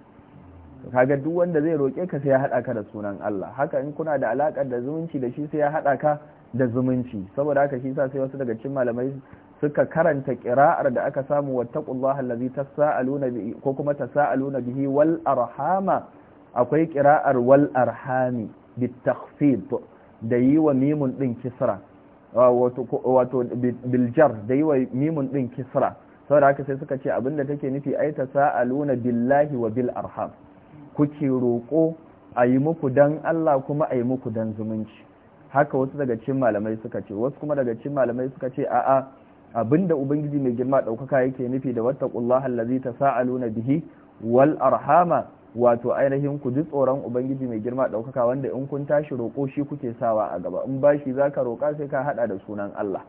kaga duk wanda zai roke ka sai ya hada ka da sunan Allah haka in kuna da alakar da zumunci da shi sai ya hada ka da zumunci saboda haka shi sa sai wasu daga cikin malamai suka karanta kira'ar da aka samu wa allazi tasaaluna bihi ko kuma tasaaluna bihi wal arhama akwai kira'ar wal arhami bit takhfid da yi wa mimun din kisra wato wato bil jar da yi wa mimun din kisra saboda haka sai suka ce abinda take nufi ai tasaaluna billahi wa bil arham kuke roko ayi muku dan Allah kuma ayi muku dan zumunci haka wasu daga cikin malamai suka ce wasu kuma daga cikin malamai suka ce a'a abinda ubangiji mai girma daukaka yake nufi da wattaqullaha allazi tasaaluna bihi wal arhama wato ainihin ku ji tsoron ubangiji mai girma daukaka wanda in kun tashi roko shi kuke sawa a gaba in bashi zaka roka sai ka hada da sunan Allah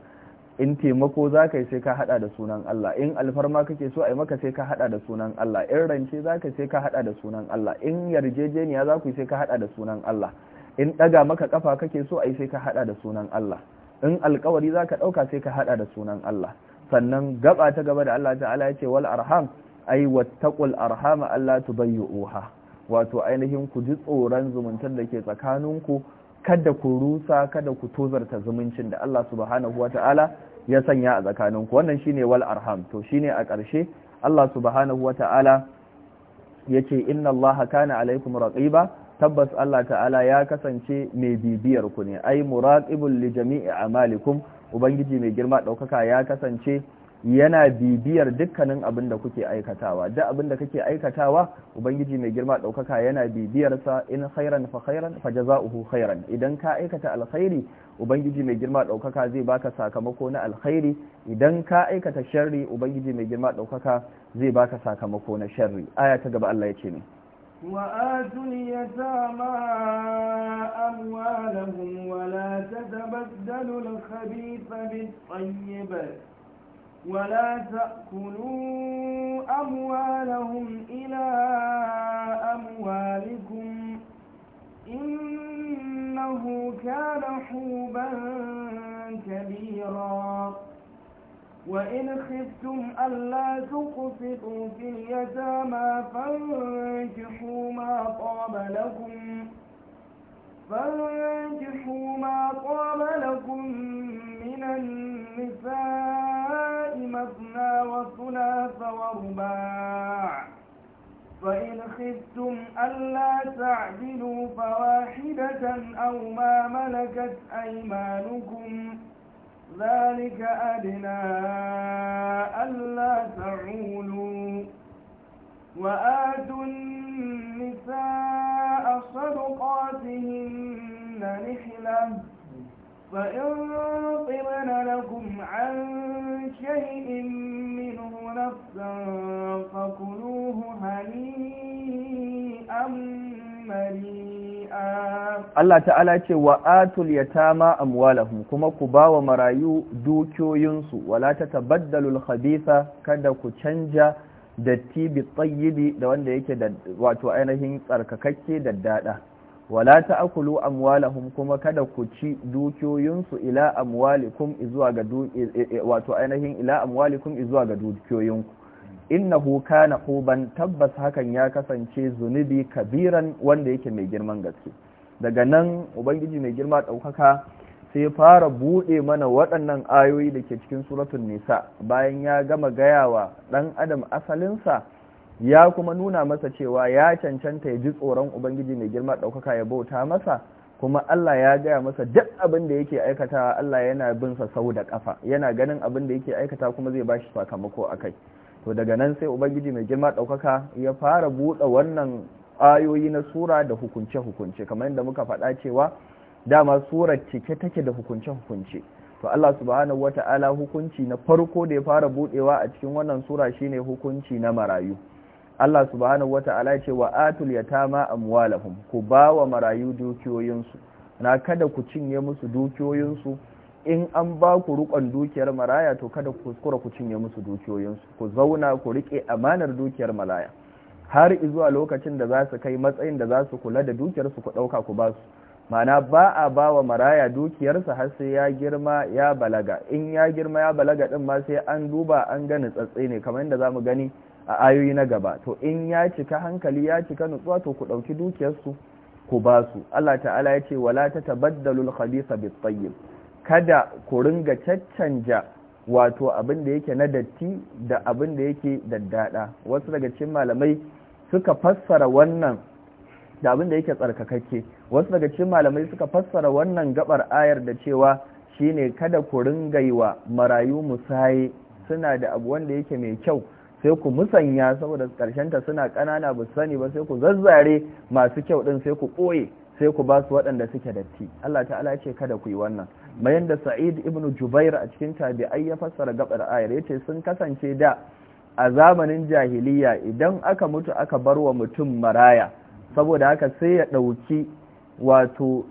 in taimako za ka yi sai ka hada da sunan Allah in alfarma kake so a yi maka sai ka hada da sunan Allah in rance zaka ka sai ka hada da sunan Allah in yarjejeniya za ku yi sai ka hada da sunan Allah in ɗaga maka ƙafa kake so ai sai ka haɗa da sunan Allah in alkawari za ka ɗauka sai ka haɗa da sunan Allah sannan gaba ta gaba da Allah ta'ala ya ce wal arham ai wattaqul arhama Allah tubayyuha wato ainihin ku ji tsoron zumuntar da ke tsakaninku kada ku rusa kada ku tozarta zumuncin da Allah subhanahu wata'ala ya sanya a tsakaninku wannan shine wal arham to shine a ƙarshe Allah subhanahu wata'ala yace inna Allah kana alaikum raqiba tabbas Allah ta'ala ya kasance mai bibiyar ku ne ai muraqibul li jami'i amalikum ubangiji mai girma daukaka ya kasance yana bibiyar dukkanin abin da kuke aikatawa duk abin da kake aikatawa ubangiji mai girma daukaka yana bibiyar sa in khairan fa khairan fa jazaohu khairan idan ka aikata alkhairi ubangiji mai girma daukaka zai baka sakamako na alkhairi idan ka aikata sharri ubangiji mai girma daukaka zai baka sakamako na sharri aya ta gaba Allah ya ce ne وآتوا اليتامى أموالهم ولا تتبدلوا الخبيث بالطيب ولا تأكلوا أموالهم إلى أموالكم إنه كان حوبا كبيرا وإن خفتم ألا تقسطوا في اليتامى فانكحوا ما طاب لكم فانكحوا ما طاب لكم من النساء مثنى وثلاث ورباع فإن خفتم ألا تعدلوا فواحدة أو ما ملكت أيمانكم ذلك أدنى ألا تعولوا وآتوا النساء صدقاتهن نحلة فإن طبن لكم عن شيء منه نفسا فكلوه هنيئا مريئا Allah ta'ala ce wa atul yatama amwalahum kuma ku ba wa marayu dukiyoyinsu wala ta tabaddalul khabitha kada ku canja datti bi tayyibi da wanda yake da wato ainihin tsarkakakke da dada wala akulu amwalahum kuma kada ku ci dukiyoyinsu ila amwalikum zuwa ga e-, e-, e-, wato ainihin ila amwalikum zuwa ga dukiyoyinku innahu kana huban tabbas hakan ya kasance zunubi kabiran wanda yake mai girman gaske daga nan ubangiji mai girma daukaka sai fara bude mana waɗannan ayoyi da ke cikin suratul nisa bayan ya gama gayawa dan adam asalinsa ya kuma nuna masa cewa ya cancanta ya ji tsoron ubangiji mai girma daukaka ya bauta masa kuma Allah ya gaya masa duk abin da yake aikata Allah yana bin sa sau da kafa yana ganin abin da yake aikata kuma zai bashi sakamako akai to daga nan sai ubangiji mai girma ɗaukaka ya fara buɗe wannan ayoyi na sura da hukunce-hukunce kamar yadda muka faɗa cewa dama sura cike take da hukunce-hukunce to Allah subhanahu wata'ala hukunci na farko da ya fara buɗewa a cikin wannan sura shine hukunci na marayu Allah subhanahu wata'ala ce wa atul yatama amwalahum ku bawa marayu dukiyoyinsu na kada ku cinye musu dukiyoyinsu in an ba ku rukon dukiyar maraya to kada ku kuskura ku cinye musu dukiyoyinsu ku zauna ku rike amanar dukiyar maraya har zuwa lokacin da za su kai matsayin da za su kula da dukiyarsu ku ɗauka ku ba su mana ba a ba wa maraya dukiyarsa har sai ya girma ya balaga in ya girma ya balaga ɗin ma sai an duba an gani tsatsai ne kamar yadda za mu gani a ayoyi na gaba to in ya cika hankali ya cika nutsuwa to ku ɗauki dukiyarsu ku ba su Allah ta'ala ya ce wala ta tabaddalul khabitha bit tayyib kada ku ringa caccanja wato abin da yake na datti da abin da yake daddada wasu daga cikin malamai suka fassara wannan da abin da yake tsarkakakke wasu daga cikin malamai suka fassara wannan gabar ayar da cewa shine kada ku ringa yi wa marayu musaye suna da abu wanda yake mai kyau sai ku musanya saboda ta suna ƙanana ba sani ba sai ku zazzare masu kyau ɗin sai ku koye sai ku ba su waɗanda suke datti Allah ta'ala ce kada ku yi wannan bayan da Sa'id ibn Jubair a cikin tabi'ai ya fassara gabar ayar yace sun kasance da a zamanin jahiliya idan aka mutu aka bar wa mutum maraya saboda haka sai ya ɗauki wato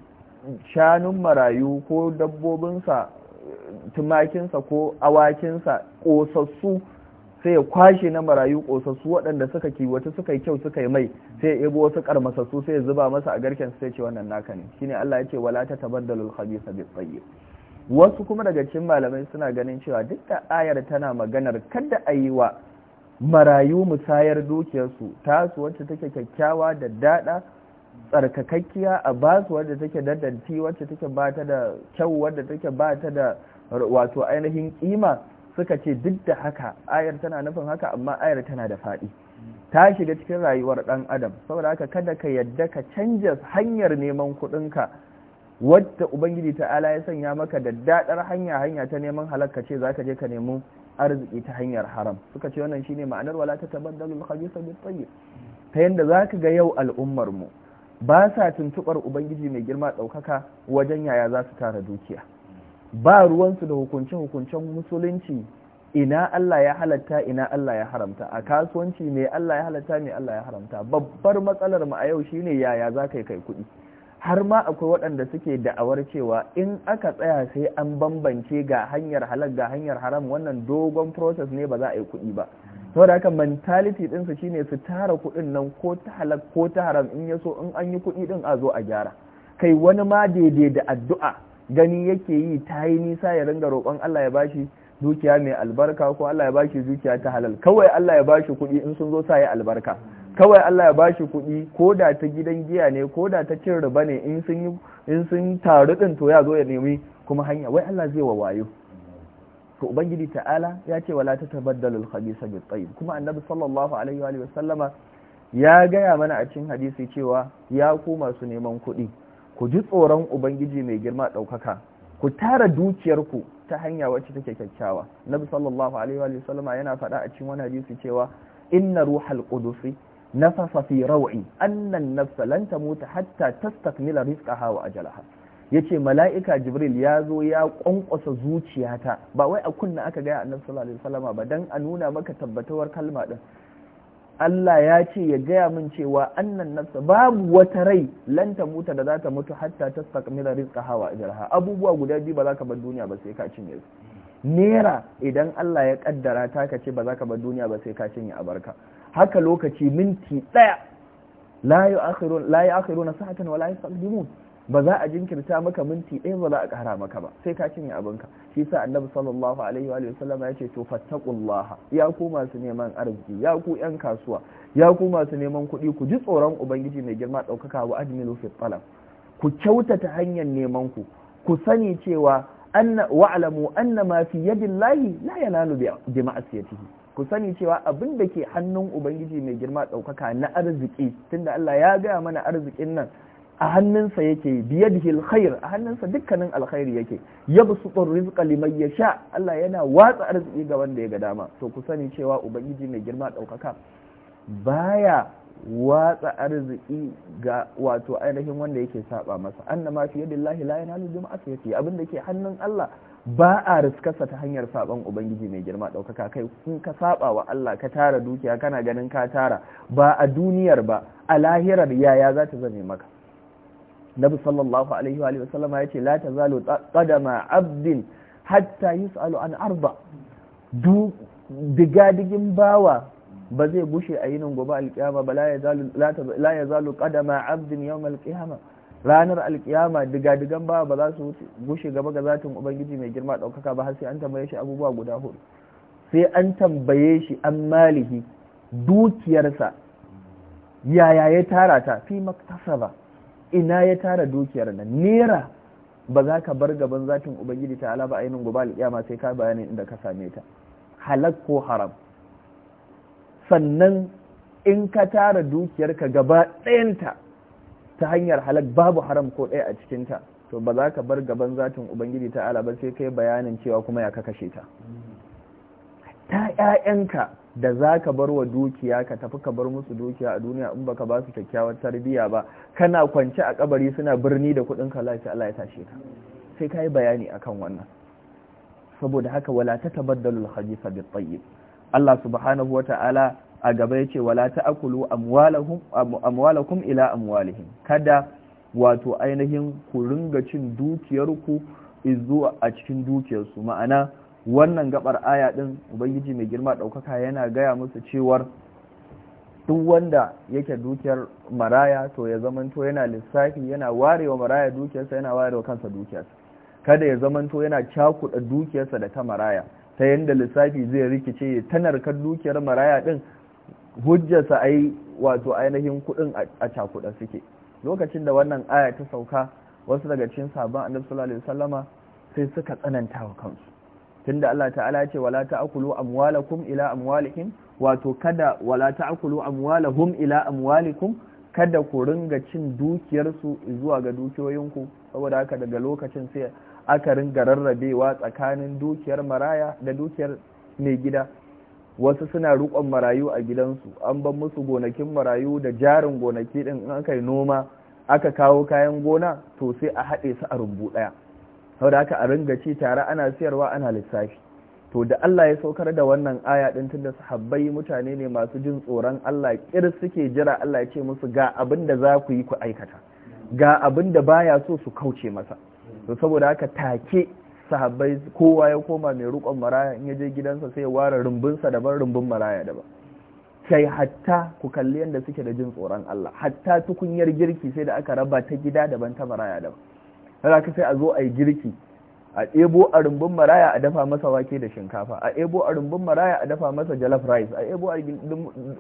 shanun marayu ko dabbobinsa tumakinsa ko awakinsa ƙosassu sai ya kwashe na marayu kosassu waɗanda suka kiwata suka yi kyau suka yi mai sai ya ebo wasu karmasassu sai ya zuba masa a garken sai ce wannan naka ne shine Allah ya ce wala tabar al-khabitha bit-tayyib wasu kuma daga cikin malamai suna ganin cewa duk da ayar tana maganar kadda a yi wa marayu musayar dukiyarsu tasu wacce take kyakkyawa da dada tsarkakakkiya a basu wadda take dadanti wacce take ba ta da kyau wadda take ba ta da wato ainihin kima suka ce duk da haka ayar tana nufin haka amma ayar tana da faɗi ta shiga cikin rayuwar ɗan adam saboda haka kada ka yadda ka canja hanyar neman kuɗinka wadda ubangiji ta'ala ya sanya maka da daɗar hanya hanya ta neman halakka ce za ka je ka nemi arziki ta hanyar haram suka ce wannan shine ma'anar wala ta tabaddalu al khabisa bit-tayyib ta yanda ka ga yau al'ummar mu ba sa tuntubar ubangiji mai girma ɗaukaka wajen yaya za su tara dukiya ba ruwansu da hukunce-hukuncen musulunci ina Allah ya halatta ina Allah ya haramta a kasuwanci ne Allah ya halatta ne Allah ya haramta babbar matsalar mu a yau shine yaya za ka yi kai kuɗi har ma akwai waɗanda suke da'awar cewa in aka tsaya sai an bambance ga hanyar halal ga hanyar haram wannan dogon process ne ba za a yi kuɗi ba saboda haka mentality ɗinsu shine su tara kuɗin nan ko ta halal ko ta haram in yaso in an yi kuɗi ɗin a zo a gyara kai wani ma daidai da addu'a gani yake yi ta yi nisa ya ringa roƙon Allah ya bashi dukiya mai albarka ko Allah ya bashi dukiya ta halal kawai Allah ya bashi kuɗi in sun zo sa ya albarka kawai Allah ya bashi kuɗi ko da ta gidan giya ne ko da ta cin riba ne in sun yi in sun taru din to ya zo ya nemi kuma hanya wai Allah zai wawayo to ubangiji ta'ala ya ce wala tatabaddalul khabisa bit tayyib kuma annabi sallallahu alaihi wa sallama ya gaya mana a cikin hadisi cewa ya ku masu neman kuɗi ku ji tsoron ubangiji mai girma ɗaukaka ku tara dukiyarku ta hanya wacce take kyakkyawa nabi sallallahu alaihi wa sallama yana faɗa a cikin wani hadisi cewa inna ruhal ƙudusi nafasa fi raw'i annan nafsa lan tamuta hatta tastakmila rizqaha wa ajalaha yace mala'ika jibril ya zo ya kwankwasa zuciyata ba wai a kunna aka gaya annabi sallallahu alaihi Sallama ba dan a nuna maka tabbatawar kalma ɗin. Allah ya ce ya gaya min cewa annan nafsa babu wata rai lan ta mutu da za ta mutu hatta ta sakamila rizqa hawa ajraha abubuwa guda biyu ba za ka bar duniya ba sai ka cinye su nera idan Allah ya kaddara ta ka ce ba za ka bar duniya ba sai ka cinye abarka haka lokaci minti daya la yu'akhirun la sa'atan wa la yastaqdimun ba za a jinkirta maka minti ɗaya ba za a ƙara maka ba sai ka cinye abinka shi sa annabi sallallahu alaihi wa sallam ya ce to fattaqullaha ya ku masu neman arziki ya ku yan kasuwa ya ku masu neman kuɗi ku ji tsoron ubangiji mai girma ɗaukaka wa ajmilu fi talab ku kyautata hanyar neman ku ku sani cewa anna wa'lamu anna ma fi yadillahi la yanalu bi ma'asiyatihi ku sani cewa abin da ke hannun ubangiji mai girma ɗaukaka na arziki tunda Allah ya gaya mana arzikin nan a hannunsa yake da alkhair a hannunsa dukkanin alkhairi yake yabsutu rizqa liman sha. Allah yana watsa arziki ga wanda ya ga dama to ku sani cewa ubangiji mai girma daukaka baya watsa arziki ga wato ainihin wanda yake saba masa annama fi yadillahi la yanalu jama'atu yake da ke hannun Allah ba a riskarsa ta hanyar saban ubangiji mai girma ɗaukaka kai kun ka saba wa Allah ka tara dukiya kana ganin ka tara ba a duniyar ba a lahirar yaya za ta zame maka nabi sallallahu alaihi wa sallam ya ce la tazalu qadama abdin hatta yus'alu an arba du digadigin bawa ba zai bushe a yinin gobe alkiyama ba la ya zalu kadama abdin yau alkiyama ranar alkiyama digadigan bawa ba za su bushe gaba ga zatin ubangiji mai girma daukaka ba har sai an tambaye shi abubuwa guda hudu sai an tambaye shi an malihi dukiyarsa yaya ya tara ta fi maktasa ba ina ya tara dukiyar nan nera ba za ka bar gaban zatin ubangiji ta ala ba ainihin gobe alƙiyama sai ka bayanin inda ka same ta halak ko haram sannan in ka tara dukiyar ka gaba ɗayanta ta hanyar halak babu haram ko ɗaya a cikinta to ba za ka bar gaban zatin ubangiji ta ala ba sai kai bayanin cewa kuma ya ka kashe ta Ya'yanka da za ka bar wa dukiya ka tafi ka bar musu dukiya a duniya in baka ba su kyakkyawar tarbiyya ba kana kwance a kabari suna birni da kuɗin ka lafiya Allah ya tashe ka sai ka bayani akan wannan saboda haka wala ta tabaddalul khabitha bit tayyib Allah subhanahu wata'ala a gaba yace wala ta'kulu amwalahum amwalakum ila amwalihim kada wato ainihin ku ringa cin dukiyarku izuwa a cikin dukiyarsu ma'ana wannan gabar aya din ubangiji mai girma daukaka yana gaya musu cewar duk wanda yake dukiyar maraya to ya zamanto yana lissafi yana warewa maraya dukiyarsa yana warewa kansa dukiyarsa kada ya zamanto yana cakuɗa dukiyarsa da ta maraya ta yadda lissafi zai rikice ya tanar kan dukiyar maraya din hujjarsa ai wato ainihin kuɗin a cakuɗa suke lokacin da wannan aya ta sauka wasu daga cikin sabon annabi sallallahu alaihi wasallama sai suka tsananta wa kansu tun da Allah ta'ala ce wala ta'kulu amwalakum ila amwalihim wato kada wala ta'kulu amwalahum ila amwalikum kada ku ringa cin dukiyarsu zuwa ga dukiyoyinku saboda haka daga lokacin sai aka ringa rarrabewa tsakanin dukiyar maraya da dukiyar mai gida wasu suna rukon marayu a gidansu an ban musu gonakin marayu da jarin gonaki din in aka yi noma aka kawo kayan gona to sai a haɗe su a rumbu ɗaya sau da haka a ringa ci tare ana siyarwa ana lissafi to da Allah ya saukar da wannan aya din da sahabbai mutane ne masu jin tsoron Allah kir suke jira Allah ya ce musu ga abin da za ku yi ku aikata ga abin da baya so su kauce masa to saboda haka take sahabbai kowa ya koma mai rukon maraya in ya je gidansa sai ya ware sa daban rumbun maraya daban sai hatta ku kalli yanda suke da jin tsoron Allah hatta tukunyar girki sai da aka raba ta gida daban ta maraya daban ka sai a zo a yi girki a ɗebo a rumbun maraya a dafa masa wake da shinkafa a ɗebo a rumbun maraya a dafa masa jalaf rice a ɗebo a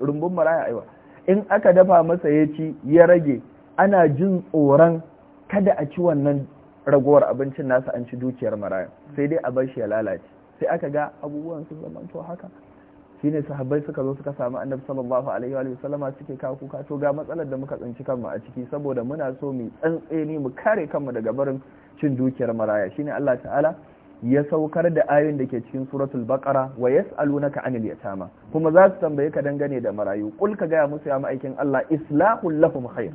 rumbun maraya aiwa in aka dafa masa ya ci ya rage ana jin tsoron kada a ci wannan ragowar abincin nasa an ci dukiyar maraya sai dai a bar shi ya lalace sai aka ga abubuwan sun zama to haka shine sahabbai suka zo suka samu annabi sallallahu alaihi wa sallama suke kawo kuka to ga matsalar da muka tsinci kanmu a ciki saboda muna so mu tsantseni mu kare kanmu daga barin cin dukiyar maraya shine Allah ta'ala ya saukar da ayoyin da ke cikin suratul baqara wa yas'alunaka anil yatama kuma za su tambaye ka dangane da marayu kul ka gaya musu ya aikin Allah islahul lahum khair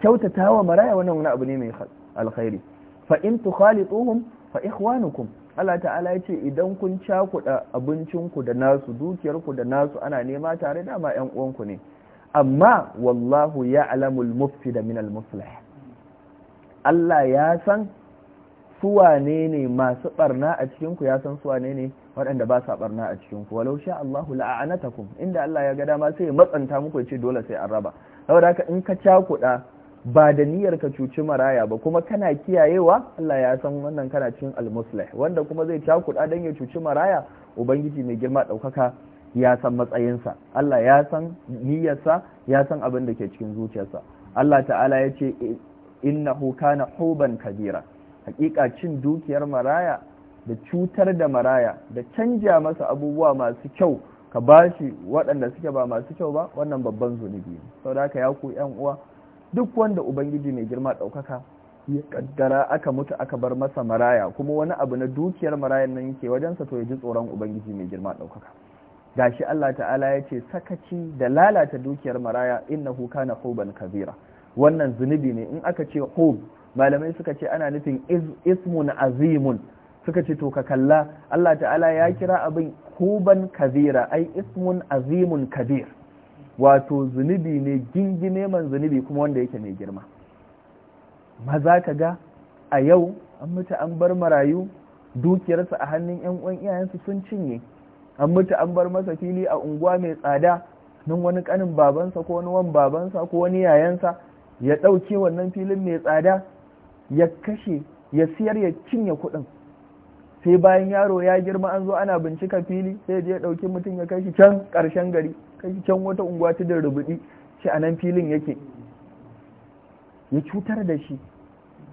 kyautatawa maraya wannan wani abu ne mai alkhairi fa in tukhalituhum fa ikhwanukum Allah ta'ala ya ce idan kun cakuɗa abincinku da nasu dukiyarku da nasu ana nema tare da ma 'yan uwanku ne amma wallahu ya alamul mufti da minal muflah Allah ya san wane ne masu barna a cikinku ya san wane ne waɗanda ba sa barna a cikinku walau sha Allahu la'anatakum inda Allah ya ga dama sai ya matsanta muku ya ce dole sai an raba saboda haka in ka cakuɗa ba da niyyar ka cuci maraya ba kuma kana kiyayewa Allah ya san wannan kana cikin almuslih wanda kuma zai cakuɗa dan ya cuci maraya ubangiji mai girma ɗaukaka ya san matsayinsa Allah ya san niyyarsa ya san abin da ke cikin zuciyarsa Allah ta'ala ya ce innahu kana huban kabira hakika cin dukiyar maraya da cutar da maraya da canja masa abubuwa masu kyau ka bashi waɗanda suke ba masu kyau ba wannan babban zunubi ne saboda haka ya ku yan uwa duk wanda ubangiji mai girma ɗaukaka ya kaddara aka mutu aka bar masa maraya kuma wani abu na dukiyar marayan nan ke wajensa to ya ji tsoron ubangiji mai girma ɗaukaka gashi Allah ta'ala ya ce sakaci da lalata dukiyar maraya huka kana huban kabira wannan zunubi ne in aka ce hub malamai suka ce ana nufin ismun azimun suka ce to ka kalla Allah ta'ala ya kira abin huban kabira ai ismun azimun kabir wato zunubi ne gingine man zunubi kuma wanda yake mai girma maza ka ga a yau an mutu an bar marayu dukiyarsa a hannun 'yan uwan iyayensu sun cinye an mutu an bar masa fili a unguwa mai tsada nan wani kanin babansa ko wani wan babansa ko wani yayansa ya ɗauke wannan filin mai tsada ya kashe ya siyar ya cinye kuɗin sai bayan yaro ya girma an zo ana bincika fili sai je ya ɗauki mutum ya kai shi can karshen gari kaji can wata unguwa ta da rubuɗi ce a nan filin yake ya cutar da shi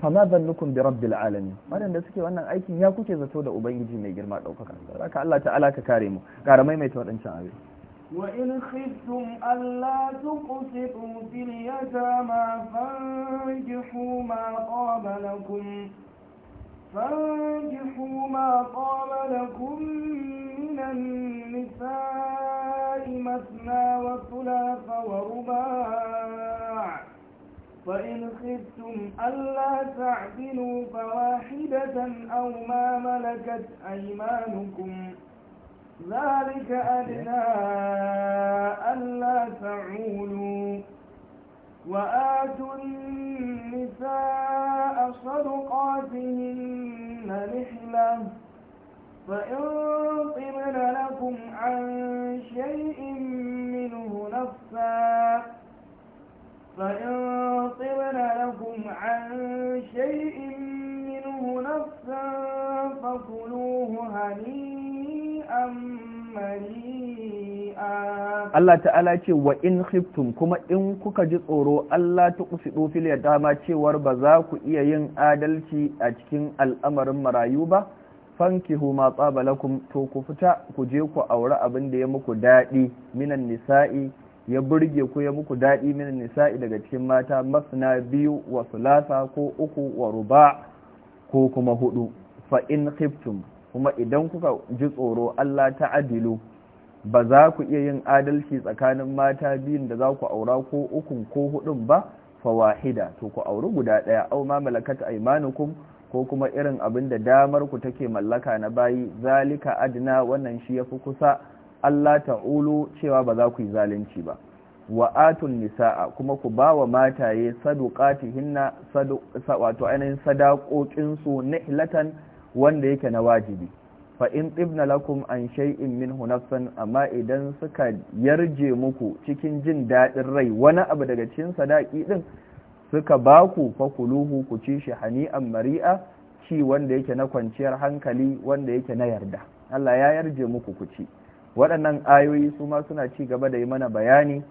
fa ma nukun bi rabbil alamin wadanda suke wannan aikin ya kuke zato da ubangiji mai girma daukaka aka Allah ta'ala ka kare mu gara maimaita wadancan abin wa in khiftum alla tuqsitu fil yatama fanjihu ma qaba lakum fanjihu ma qaba من النساء مثنى وثلاث ورباع فإن خفتم ألا تعدلوا فواحدة أو ما ملكت أيمانكم ذلك أدنى ألا تعولوا وآتوا النساء صدقاتهن نحلة فإن طبن لكم عن شيء منه نفسا فإن طبن لكم عن شيء منه نفسا فكلوه هنيئا مريئا Allah ta'ala ce wa in khiftum kuma in kuka ji tsoro Allah ta kusido ya dama cewar ba za ku iya yin adalci a cikin al'amarin marayu ba fankihu ma tsaba lakum to ku fita ku je ku aure abin da ya muku daɗi minan nisa'i ya burge ku ya muku daɗi minan nisa'i daga cikin mata masna biyu wa sulasa ko uku wa ruba ko kuma hudu fa in khiftum kuma idan kuka ji tsoro Allah ta adilu ba za ku iya yin adalci tsakanin mata biyun da za ku aura ko uku ko hudun ba fa wahida to ku auri guda ɗaya au ma malakat aymanukum ko kuma irin abin da damar ku take mallaka na bayi zalika adna wannan shi yafi kusa Allah ta'ulu cewa ba za ku yi zalunci ba wa atul nisaa kuma ku bawa mataye saduqatihinna sadu wato ainihin sadaqoqin su nihlatan wanda yake na wajibi fa in tibna lakum an shay'in minhu nafsan amma idan suka yarje muku cikin jin dadin rai wani abu daga cikin sadaqi din suka ba baku fakuluhu ku ci shi hani'an mari'a ci wanda yake na kwanciyar hankali wanda yake na yarda Allah ya yarje muku ku ci waɗannan ayoyi su ma suna ci gaba da yi mana bayani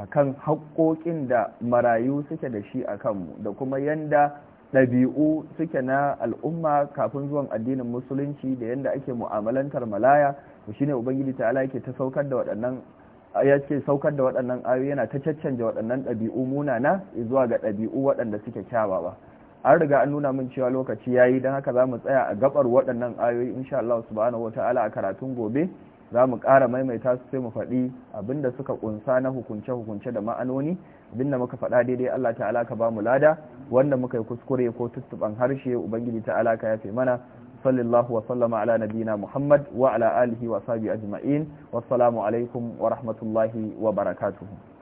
akan haƙoƙin da marayu suke da shi akan mu da kuma yanda ɗabi'u suke na al'umma kafin zuwan addinin musulunci da yadda ake mu'amalantar malaya shi shine ubangiji ta'ala yake ta saukar da waɗannan ya ce saukar da waɗannan ayoyi yana ta caccanja waɗannan ɗabi'u munana zuwa ga ɗabi'u waɗanda suke kyawawa an riga an nuna min cewa lokaci ya yi don haka za mu tsaya a gabar waɗannan ayoyi insha Allah subhanahu ta'ala a karatun gobe za mu ƙara maimaita su sai mu faɗi abinda suka ƙunsa na hukunce hukunce da ma'anoni abinda muka faɗa daidai Allah ta'ala ka bamu lada wanda muka yi kuskure ko tuttuɓan harshe ubangiji ta'ala ka yafe mana sallallahu wa sallama ala nabina muhammad wa ala alihi wa sahbihi ajma'in wassalamu alaikum wa rahmatullahi wa barakatuhu